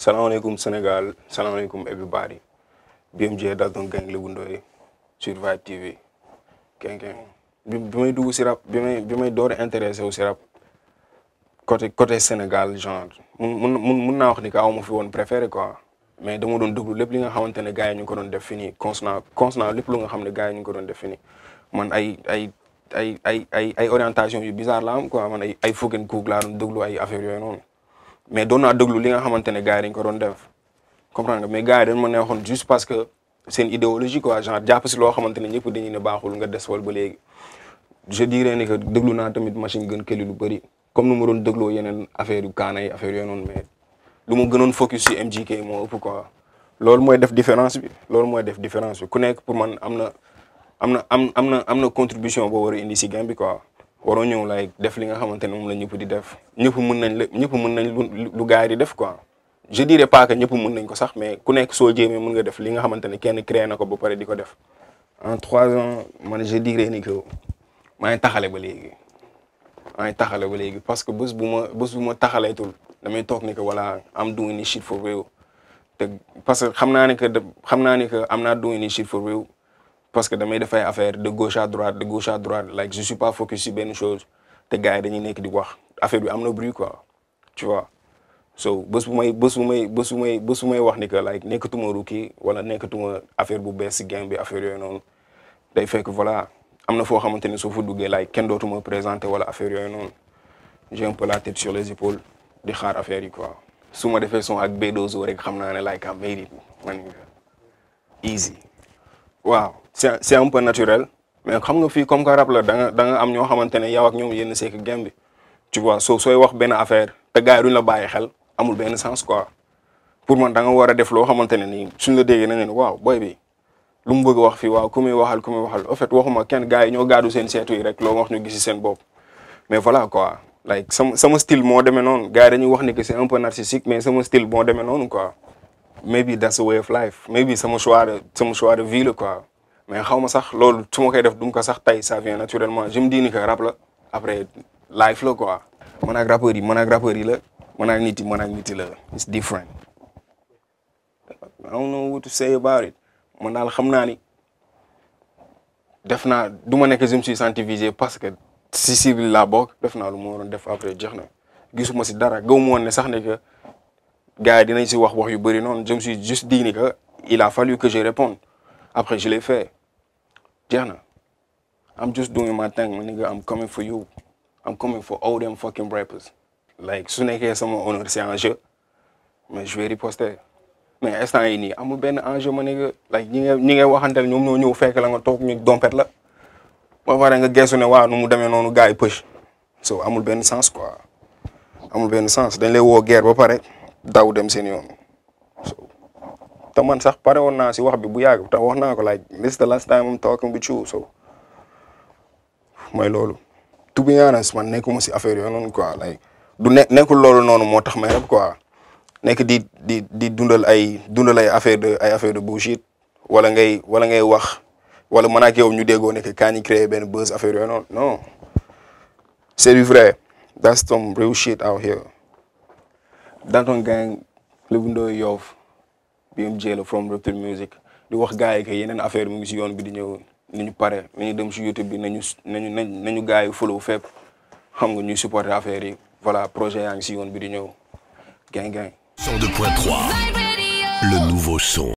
Salaamaaleykum Sénégal salaamaaleykum everybody BMJ that's don gang Lébu Ndoye sur Vibe TV ken bi may dugg si rap bi may bi may door a intéressé wu si rap côté côté Sénégal genre mun mun mun naa wax ni que aw fi woon préféré quoi mais dama doon déglu lépp li nga xamante ne gars ñu ko doon def fii nii constant constant lépp nga xam ne gars yi ñu ngi ko doon def fii nii man ay ay ay ay ay ay orientation yu bizarre la am man ay ay fucking cook laa doon déglu ay affaire yooyu noonu. mais doon naa déglu li nga xamante ne gars dañ ko doon def comprendre nga mais gars yi dañ ma neexoon parce que seen idéologie quoi genre jàpp si loo xamante ne ñëpp dañuy ne baaxul nga des wal ba léegi je dirais ne que déglu naa tamit machine gën këli lu bëri comme nu ma doon dégloo yeneen affaire yu kaana yi affaire yooyu noonu mais lu mu gënoon focus si MJK moo ëpp quoi loolu mooy def différence bi loolu mooy def différence bi ku nekk pour man am na am na am am na am na contribution boo war indi si game bi quoi waroo ñëw like def li nga xamante ne moom la ñëpp di def ñëpp mun nañ la ñëpp mën nañ lu gars yi di def quoi je dirais pas que ñëpp nañ ko sax mais ku nekk soo jéemee mën nga def li nga xamante ne kenn créé na ko ba pare di ko def en trois ans man je dirais ni que maa ngi taxale ba léegi maa ngi taxale ba léegi parce que bés bu ma bés bu ma taxaleetul damay toog ni ko voilà am doing this shit for real te parce que xam naa ne que xam naa ne que am naa doing this shit for real parce que je fais faire affaire de gauche à droite de gauche à droite like je suis pas focus sur une chose te gars yi dañuy nek di affaire bi bruit quoi tu vois so bu may bu may bu may que like affaire bu bi affaire day voilà Je ne duggé like ken dootuma présenté wala affaire j'ai un peu la tête sur les épaules di xaar affaire yi quoi suma défé son ak rek like easy wow c'est un peu naturel mais xam nga fii comme que rap la da am ñoo xamante ne yow ak ñoom yéen a sekk gem bi tu vois soo sooy wax benn affaire te gars yi duñ la bàyyi xel amul benn sens quoi pour man da war a def loo xamante ne nii suñ la déggee na nga ni waaw boy bi lu mu bëgg wax fii waaw ku muy waxal ku muy waxal en fait waxuma kenn gars yi ñoo gaadu seen seetu yi rek loo wax ñu gisi seen bopp mais voilà quoi like sama sama moo demee noonu gars yi ñu wax ni que c'est un peu narcissique mais sama style moo demee noonu sama choix de sama choix de vie la mais xaw ma sax loolu su ma koy def du ko sax ça vient naturellement je me dis ni que rap la après life la quoi. mon ak mon yi man mon rappeurs yi la man ak nit yi man ak it's different I don't know what to say about it mon daal xam naa ni def naa du ma nekk je me suis senti visé parce que si si la laa bokk def naa lu ma def après jeex na gisuma si dara gaw ma woon sax que gars dinañ ci wax wax yu bëri non je me suis juste dit que il a fallu que je réponde après je l'ai fait. Jana, I'm just doing my thing, my nigga. I'm coming for you. I'm coming for all them fucking rappers. Like, soon I hear someone on the I'm say Anjo, mais je vais riposter. Mais instant yii nii amul benn enjeu my nigga like ñi you? ñi nga waxanteel ñoom ñoo ñëw fekk la nga toog ñu dompet la ba pare nga geesu ne waaw nu mu demee noonu gars yi push so amul benn sens quoi amul benn sens dañ lay woo guerre ba pare daw dem seen yoon. te man sax pare woon naa si wax bi bu yàgg te wax naa ko like this is the last time I'm talking with loolu. to be honest man nekkuma si affaire yooyu noonu quoi like du ne nekkul loolu noonu moo tax may rek quoi nekk di di di dundal ay dundal ay affaire de ay affaire de bullshit wala ngay wala ngay wax wala man ak yow ñu déggoo nekk kaa ñu créé benn buzz affaire yooyu noonu non c'est du vrai that's some real out here. Danton gang Lébu Ndoye Yoff BMJ la from Reptile Music di wax gars yi yenen affaire mu ngi si yoon bi di ñëw ni ñu pare nañu dem ci YouTube bi nañu nañu nañu gars follow fep xam nga ñu supporter affaire yi voilà projet yaa ngi si yoon bi di ñëw gang gang. 102.3 le nouveau son.